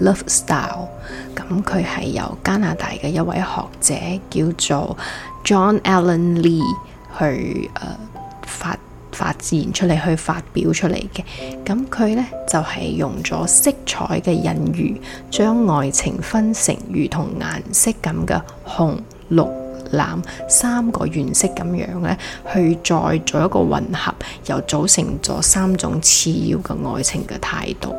Love Style，咁佢係由加拿大嘅一位學者叫做 John Alan Lee 去誒、呃、發發展出嚟，去發表出嚟嘅。咁、嗯、佢呢，就係、是、用咗色彩嘅隱喻，將愛情分成如同顏色咁嘅紅、綠、藍三個原色咁樣呢去再做一個混合，又組成咗三種次要嘅愛情嘅態度。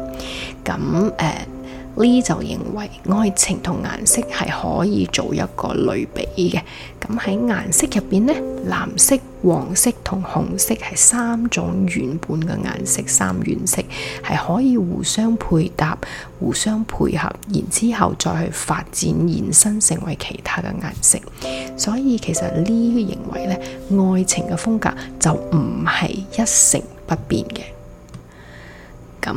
咁、嗯、誒。呃呢就認為愛情同顏色係可以做一個類比嘅。咁喺顏色入邊呢，藍色、黃色同紅色係三種原本嘅顏色，三原色係可以互相配搭、互相配合，然之後再去發展延伸成為其他嘅顏色。所以其實呢個認為呢，愛情嘅風格就唔係一成不變嘅。咁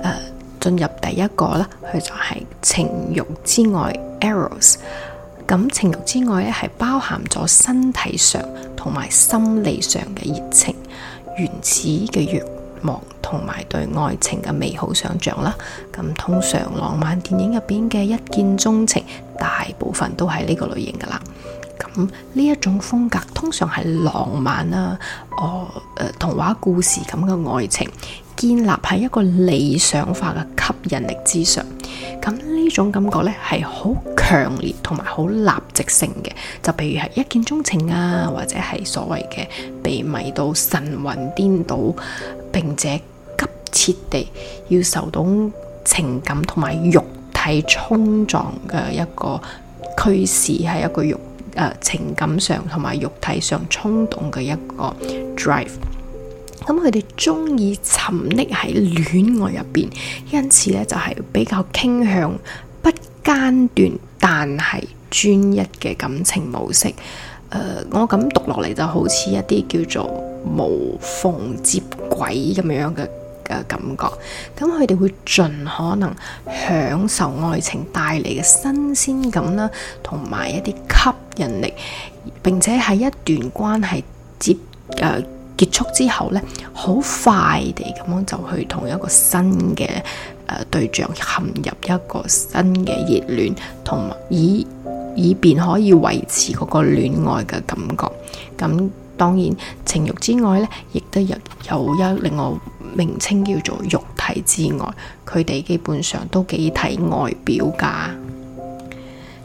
誒。Uh, 進入第一個咧，佢就係情慾之愛 Eros。咁情慾之愛咧，係包含咗身體上同埋心理上嘅熱情、原始嘅欲望同埋對愛情嘅美好想像啦。咁通常浪漫電影入邊嘅一見鐘情，大部分都係呢個類型噶啦。咁呢一種風格通常係浪漫啦、啊，哦，誒童話故事咁嘅愛情建立喺一個理想化嘅吸引力之上。咁呢種感覺呢，係好強烈同埋好立即性嘅，就譬如係一見鐘情啊，或者係所謂嘅被迷到神魂顛倒，並且急切地要受到情感同埋肉體衝撞嘅一個驅使，係一個肉。呃、情感上同埋肉體上衝動嘅一個 drive，咁佢哋中意沉溺喺戀愛入邊，因此咧就係、是、比較傾向不間斷但係專一嘅感情模式。呃、我咁讀落嚟就好似一啲叫做無縫接軌咁樣嘅。嘅感覺，咁佢哋會盡可能享受愛情帶嚟嘅新鮮感啦，同埋一啲吸引力。並且喺一段關係接誒、呃、結束之後呢，好快地咁樣就去同一個新嘅誒、呃、對象陷入一個新嘅熱戀，同埋以以、以便可以維持嗰個戀愛嘅感覺。咁當然，情慾之外咧，亦都有有一另外名稱叫做肉體之愛，佢哋基本上都幾睇外表㗎。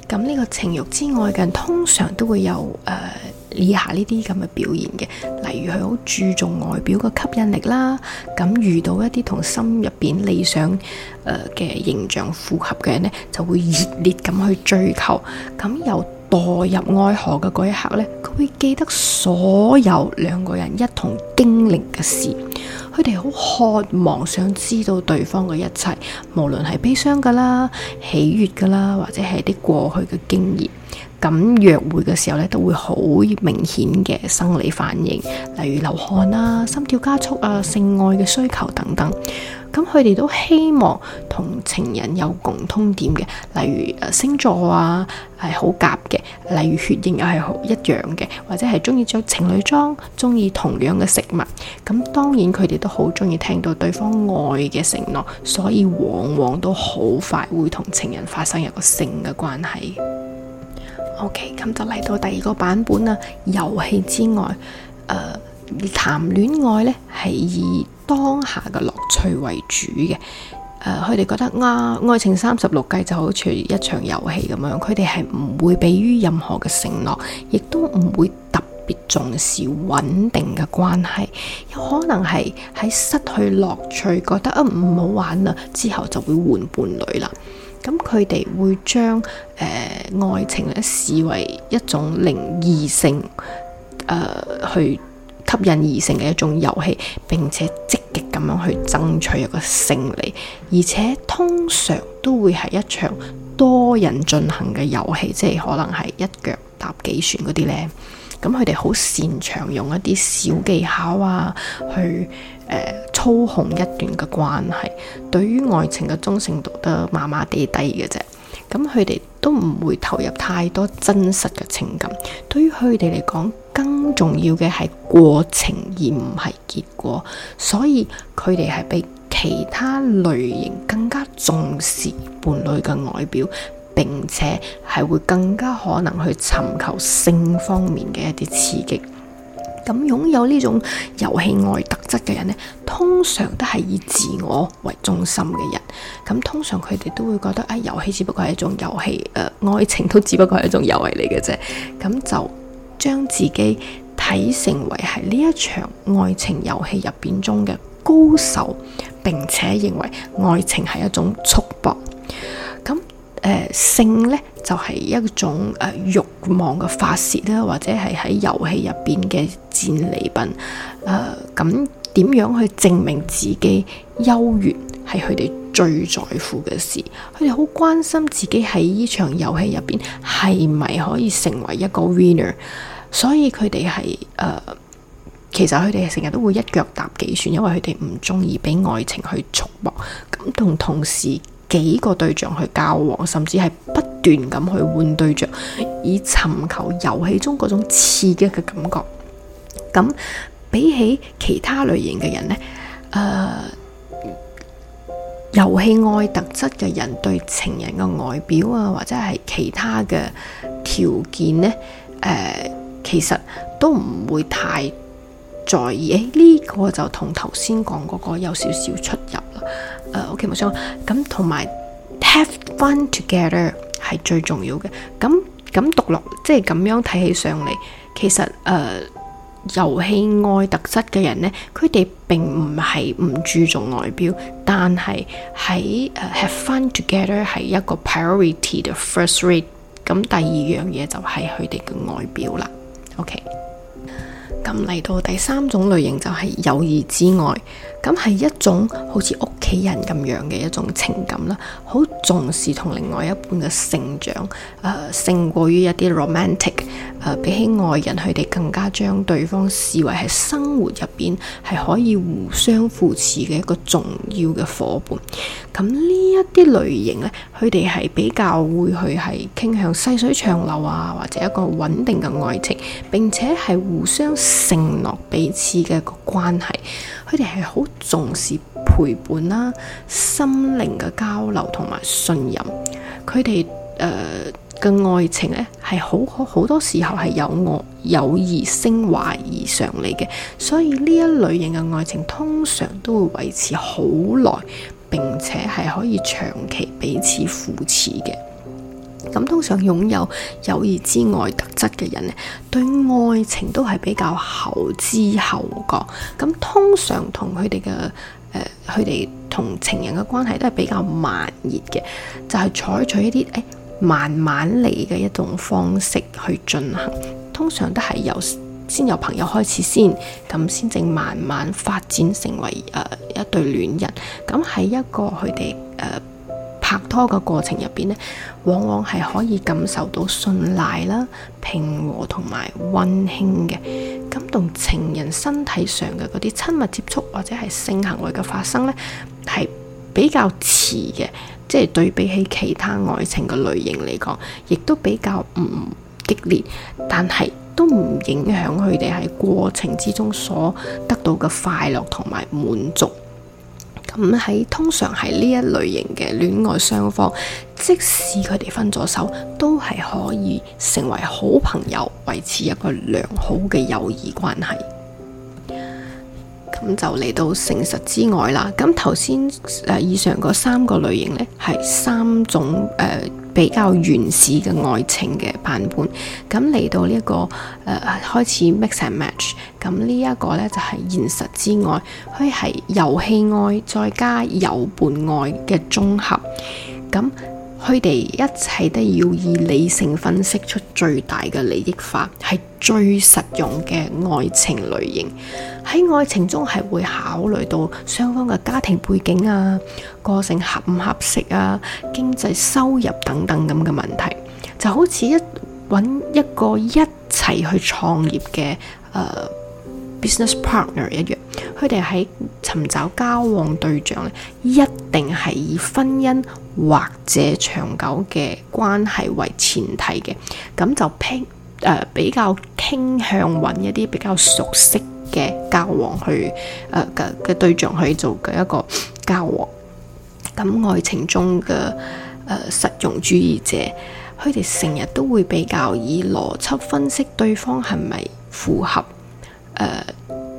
咁呢個情慾之愛嘅人，通常都會有誒、呃、以下呢啲咁嘅表現嘅，例如佢好注重外表嘅吸引力啦。咁遇到一啲同心入邊理想誒嘅、呃、形象符合嘅人呢，就會熱烈咁去追求。咁又。墮入愛河嘅嗰一刻呢，佢會記得所有兩個人一同經歷嘅事。佢哋好渴望想知道對方嘅一切，無論係悲傷噶啦、喜悅噶啦，或者係啲過去嘅經驗。咁約會嘅時候呢，都會好明顯嘅生理反應，例如流汗啊、心跳加速啊、性愛嘅需求等等。咁佢哋都希望同情人有共通點嘅，例如星座啊，係好夾嘅，例如血型又係好一樣嘅，或者係中意着情侶裝，中意同樣嘅食物。咁當然佢哋都好中意聽到對方愛嘅承諾，所以往往都好快會同情人發生一個性嘅關係。OK，咁就嚟到第二個版本啦。遊戲之愛，呃，談戀愛呢，咧係以。當下嘅樂趣為主嘅，誒佢哋覺得啊，愛情三十六計就好似一場遊戲咁樣，佢哋係唔會畀於任何嘅承諾，亦都唔會特別重視穩定嘅關係，有可能係喺失去樂趣，覺得啊唔好玩啦，之後就會換伴侶啦。咁佢哋會將誒、呃、愛情咧視為一種靈異性誒、呃、去。吸引而成嘅一種遊戲，並且積極咁樣去爭取一個勝利，而且通常都會係一場多人進行嘅遊戲，即係可能係一腳踏幾船嗰啲咧。咁佢哋好擅長用一啲小技巧啊，去誒、呃、操控一段嘅關係，對於愛情嘅忠誠度都麻麻地低嘅啫。咁佢哋都唔會投入太多真實嘅情感。對於佢哋嚟講，更重要嘅係過程而唔係結果，所以佢哋係比其他類型更加重視伴侶嘅外表，並且係會更加可能去尋求性方面嘅一啲刺激。咁擁有呢種遊戲愛特質嘅人呢，通常都係以自我為中心嘅人。咁通常佢哋都會覺得啊，遊戲只不過係一種遊戲，誒、呃，愛情都只不過係一種遊戲嚟嘅啫。咁就。將自己睇成為係呢一場愛情遊戲入邊中嘅高手，並且認為愛情係一種束縛。咁誒、呃，性呢，就係、是、一種誒慾、呃、望嘅發洩啦，或者係喺遊戲入邊嘅戰利品。誒、呃，咁點樣去證明自己優越係佢哋，最在乎嘅事，佢哋好關心自己喺呢場遊戲入邊係咪可以成為一個 winner，所以佢哋係誒，其實佢哋成日都會一腳踏幾船，因為佢哋唔中意俾愛情去束縛，咁同同時幾個對象去交往，甚至係不斷咁去換對象，以尋求遊戲中嗰種刺激嘅感覺。咁比起其他類型嘅人咧，誒、呃。遊戲愛特質嘅人對情人嘅外表啊，或者係其他嘅條件呢，誒、呃，其實都唔會太在意。誒、欸、呢、這個就同頭先講嗰個有少少出入啦。誒，OK 冇錯咁，同、okay, 埋 have fun together 係最重要嘅。咁咁讀落即係咁樣睇起上嚟，其實誒。呃遊戲愛特質嘅人呢，佢哋並唔係唔注重外表，但係喺、uh, have fun together 係一個 priority the first rate。咁第二樣嘢就係佢哋嘅外表啦。OK，咁嚟到第三種類型就係、是、友誼之愛，咁係一種好似屋企人咁樣嘅一種情感啦，好重視同另外一半嘅成長，誒、呃、勝過於一啲 romantic。呃，比起外人，佢哋更加將對方視為係生活入邊係可以互相扶持嘅一個重要嘅伙伴。咁呢一啲類型呢，佢哋係比較會去係傾向細水長流啊，或者一個穩定嘅愛情，並且係互相承諾彼此嘅一個關係。佢哋係好重視陪伴啦、啊、心靈嘅交流同埋信任。佢哋誒。呃嘅愛情咧，係好好，好多時候係有愛、友誼升華而上嚟嘅，所以呢一類型嘅愛情通常都會維持好耐，並且係可以長期彼此扶持嘅。咁通常擁有友誼之愛特質嘅人咧，對愛情都係比較後知後覺。咁通常同佢哋嘅誒，佢哋同情人嘅關係都係比較慢熱嘅，就係、是、採取一啲誒。欸慢慢嚟嘅一種方式去進行，通常都係由先由朋友開始先，咁先至慢慢發展成為誒、呃、一對戀人。咁喺一個佢哋誒拍拖嘅過程入邊咧，往往係可以感受到信賴啦、平和同埋温馨嘅。咁同情人身體上嘅嗰啲親密接觸或者係性行為嘅發生咧，係。比較遲嘅，即係對比起其他愛情嘅類型嚟講，亦都比較唔激烈，但係都唔影響佢哋喺過程之中所得到嘅快樂同埋滿足。咁喺通常係呢一類型嘅戀愛雙方，即使佢哋分咗手，都係可以成為好朋友，維持一個良好嘅友誼關係。咁就嚟到誠實之外啦。咁頭先誒以上嗰三個類型呢，係三種誒、呃、比較原始嘅愛情嘅版本。咁嚟到呢、這、一個誒、呃、開始 mix and match，咁呢一個呢，就係、是、現實之愛，佢係遊戲愛再加友伴愛嘅綜合。咁佢哋一切都要以理性分析出最大嘅利益化，係最實用嘅愛情類型。喺愛情中係會考慮到雙方嘅家庭背景啊、個性合唔合適啊、經濟收入等等咁嘅問題，就好似一搵一個一齊去創業嘅誒、呃、business partner 一樣。佢哋喺尋找交往對象，一定係以婚姻或者長久嘅關係為前提嘅，咁就偏誒、呃、比較傾向揾一啲比較熟悉嘅交往去誒嘅嘅對象去做嘅一個交往。咁、嗯、愛情中嘅誒、呃、實用主義者，佢哋成日都會比較以邏輯分析對方係咪符合誒。呃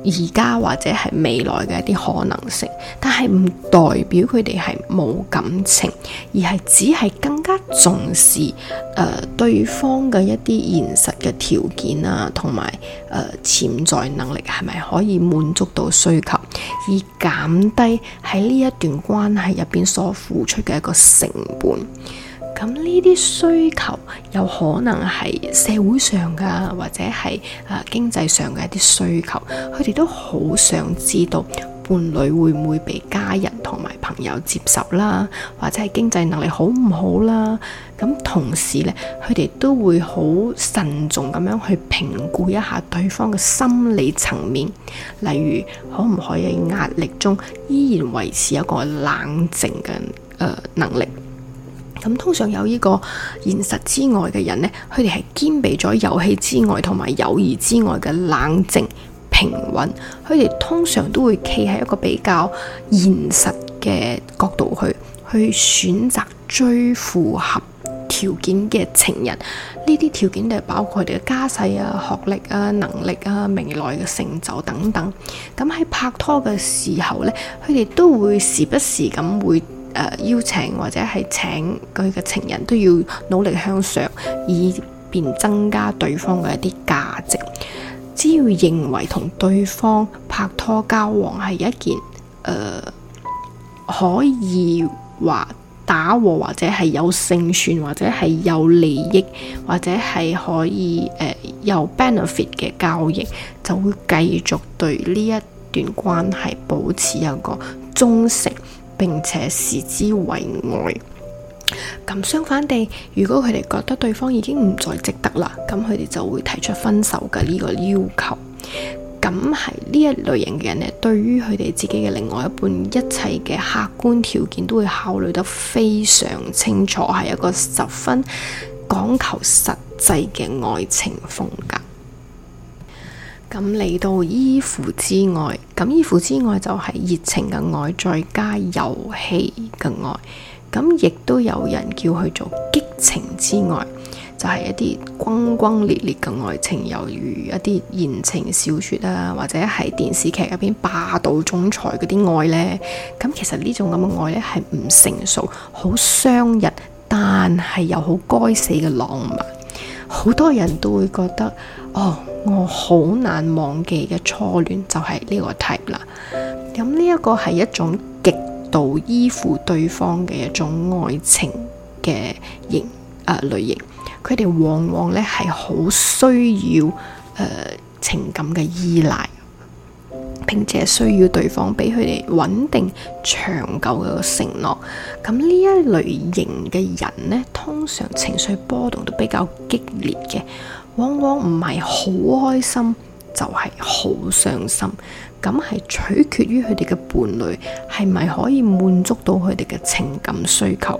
而家或者係未來嘅一啲可能性，但係唔代表佢哋係冇感情，而係只係更加重視誒、呃、對方嘅一啲現實嘅條件啊，同埋誒潛在能力係咪可以滿足到需求，以減低喺呢一段關係入邊所付出嘅一個成本。咁呢啲需求有可能係社會上噶，或者係啊、呃、經濟上嘅一啲需求，佢哋都好想知道伴侶會唔會被家人同埋朋友接受啦，或者係經濟能力好唔好啦。咁、嗯、同時咧，佢哋都會好慎重咁樣去評估一下對方嘅心理層面，例如可唔可以壓力中依然維持一個冷靜嘅誒、呃、能力。咁通常有呢個現實之愛嘅人呢，佢哋係兼備咗遊戲之愛同埋友誼之愛嘅冷靜平穩。佢哋通常都會企喺一個比較現實嘅角度去去選擇最符合條件嘅情人。呢啲條件就包括佢哋嘅家世啊、學歷啊、能力啊、未來嘅成就等等。咁喺拍拖嘅時候呢，佢哋都會時不時咁會。誒邀請或者係請佢嘅情人，都要努力向上，以便增加對方嘅一啲價值。只要認為同對方拍拖交往係一件誒、呃、可以話打和或者係有勝算，或者係有利益，或者係可以誒、呃、有 benefit 嘅交易，就會繼續對呢一段關係保持有個忠誠。並且視之為愛。咁相反地，如果佢哋覺得對方已經唔再值得啦，咁佢哋就會提出分手嘅呢個要求。咁係呢一類型嘅人呢，對於佢哋自己嘅另外一半，一切嘅客觀條件都會考慮得非常清楚，係一個十分講求實際嘅愛情風格。咁嚟到依附之愛，咁依附之愛就係熱情嘅愛，再加遊戲嘅愛。咁亦都有人叫佢做激情之愛，就係一啲轟轟烈烈嘅愛情，猶如一啲言情小說啊，或者係電視劇入邊霸道總裁嗰啲愛呢。咁其實呢種咁嘅愛呢，係唔成熟，好傷人，但係又好該死嘅浪漫。好多人都會覺得，哦。我好難忘記嘅初戀就係呢個 type 啦。咁呢一個係一種極度依附對方嘅一種愛情嘅型誒、呃、類型。佢哋往往咧係好需要誒、呃、情感嘅依賴，並且需要對方俾佢哋穩定長久嘅承諾。咁呢一類型嘅人呢，通常情緒波動都比較激烈嘅。往往唔係好開心，就係好傷心。咁係取決於佢哋嘅伴侶係咪可以滿足到佢哋嘅情感需求。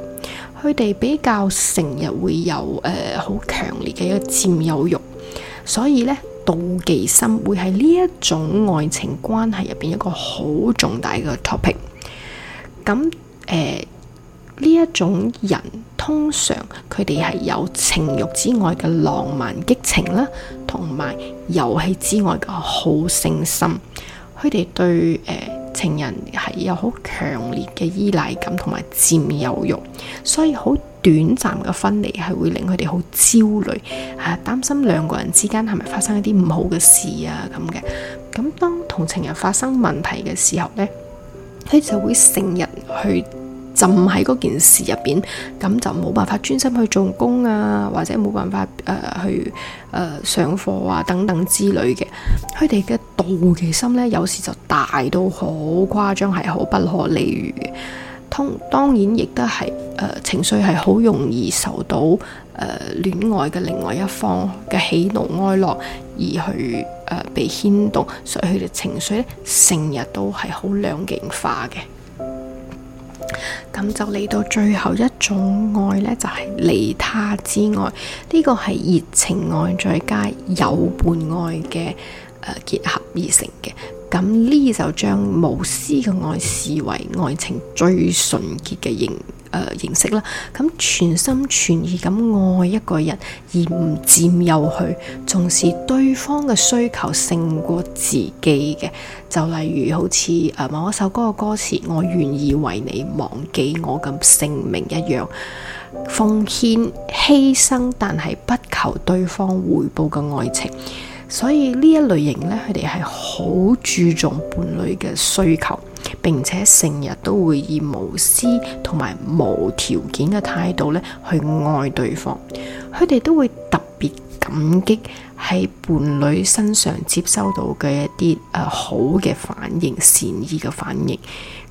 佢哋比較成日會有誒好強烈嘅一個佔有慾，所以呢，妒忌心會係呢一種愛情關係入邊一個好重大嘅 topic。咁誒。呃呢一種人通常佢哋係有情慾之外嘅浪漫激情啦，同埋遊戲之外嘅好勝心。佢哋對誒、呃、情人係有好強烈嘅依賴感同埋佔有慾，所以好短暫嘅分離係會令佢哋好焦慮，嚇、啊、擔心兩個人之間係咪發生一啲唔好嘅事啊咁嘅。咁、嗯、當同情人發生問題嘅時候呢，佢就會成日去浸喺嗰件事入邊，咁就冇辦法專心去做工啊，或者冇辦法誒、呃、去誒、呃、上課啊等等之類嘅。佢哋嘅妒忌心呢，有時就大到好誇張，係好不可理喻嘅。同當然亦都係誒情緒係好容易受到誒、呃、戀愛嘅另外一方嘅喜怒哀樂而去誒、呃、被牽動，所以佢哋情緒呢，成日都係好兩極化嘅。咁就嚟到最後一種愛呢，就係、是、利他之愛。呢、這個係熱情愛再加有伴愛嘅誒、呃、結合而成嘅。咁呢就將無私嘅愛視為愛情最純潔嘅形態。誒、呃、形式啦，咁全心全意咁愛一個人，而唔佔有佢，重視對方嘅需求勝過自己嘅，就例如好似誒某一首歌嘅歌詞：我願意為你忘記我嘅姓名一樣，奉獻犧牲，但係不求對方回報嘅愛情。所以呢一類型呢，佢哋係好注重伴侶嘅需求。並且成日都會以無私同埋無條件嘅態度咧去愛對方，佢哋都會特別感激喺伴侶身上接收到嘅一啲誒、呃、好嘅反應、善意嘅反應，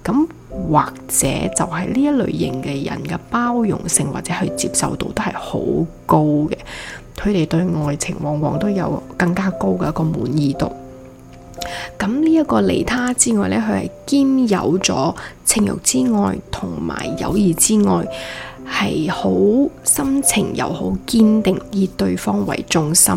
咁或者就係呢一類型嘅人嘅包容性或者去接受度都係好高嘅，佢哋對愛情往往都有更加高嘅一個滿意度。咁呢一個利他之愛呢，佢係兼有咗情慾之愛，同埋友誼之愛，係好深情又好堅定，以對方為重心，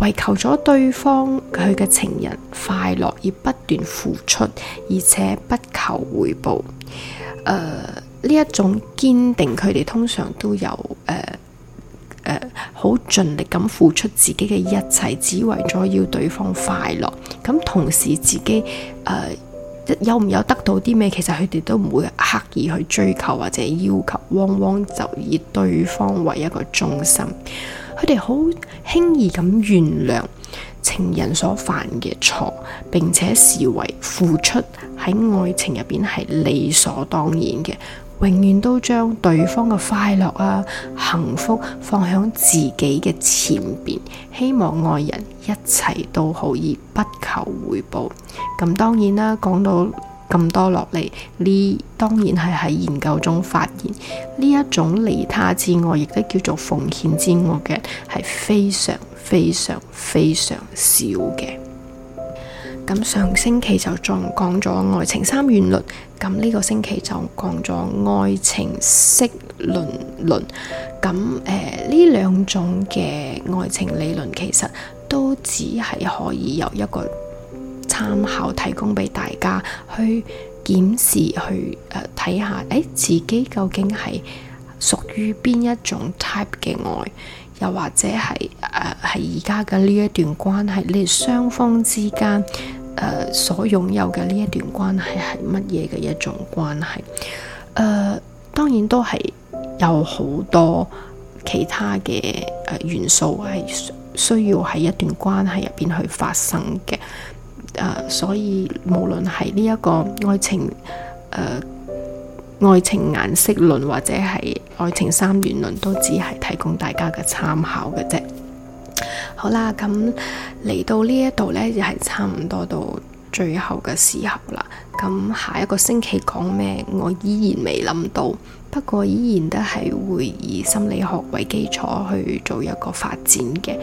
為求咗對方佢嘅情人快樂而不斷付出，而且不求回報。誒、呃，呢一種堅定，佢哋通常都有誒。呃誒，好盡、uh, 力咁付出自己嘅一切，只為咗要對方快樂。咁同時自己誒，uh, 有唔有得到啲咩？其實佢哋都唔會刻意去追求或者要求，往往就以對方為一個中心。佢哋好輕易咁原諒情人所犯嘅錯，並且視為付出喺愛情入邊係理所當然嘅。永遠都將對方嘅快樂啊、幸福放響自己嘅前邊，希望愛人一切都好而不求回報。咁當然啦，講到咁多落嚟呢，當然係喺研究中發現呢一種利他之愛，亦都叫做奉獻之愛嘅，係非常非常非常少嘅。咁上星期就仲講咗愛情三元論，咁呢個星期就講咗愛情色輪論，咁誒呢兩種嘅愛情理論其實都只係可以由一個參考提供俾大家去檢視，去誒睇下，誒、呃、自己究竟係屬於邊一種 type 嘅愛。又或者係誒，係而家嘅呢一段關係，你哋雙方之間誒、呃、所擁有嘅呢一段關係係乜嘢嘅一種關係？誒、呃，當然都係有好多其他嘅誒、呃、元素係需要喺一段關係入邊去發生嘅。誒、呃，所以無論係呢一個愛情誒。呃愛情顏色論或者係愛情三元論都只係提供大家嘅參考嘅啫。好啦，咁嚟到呢一度呢，又係差唔多到最後嘅時候啦。咁下一個星期講咩，我依然未諗到，不過依然都係會以心理學為基礎去做一個發展嘅。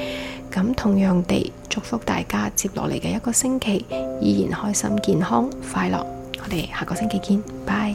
咁同樣地，祝福大家接落嚟嘅一個星期依然開心、健康、快樂。我哋下個星期見，拜。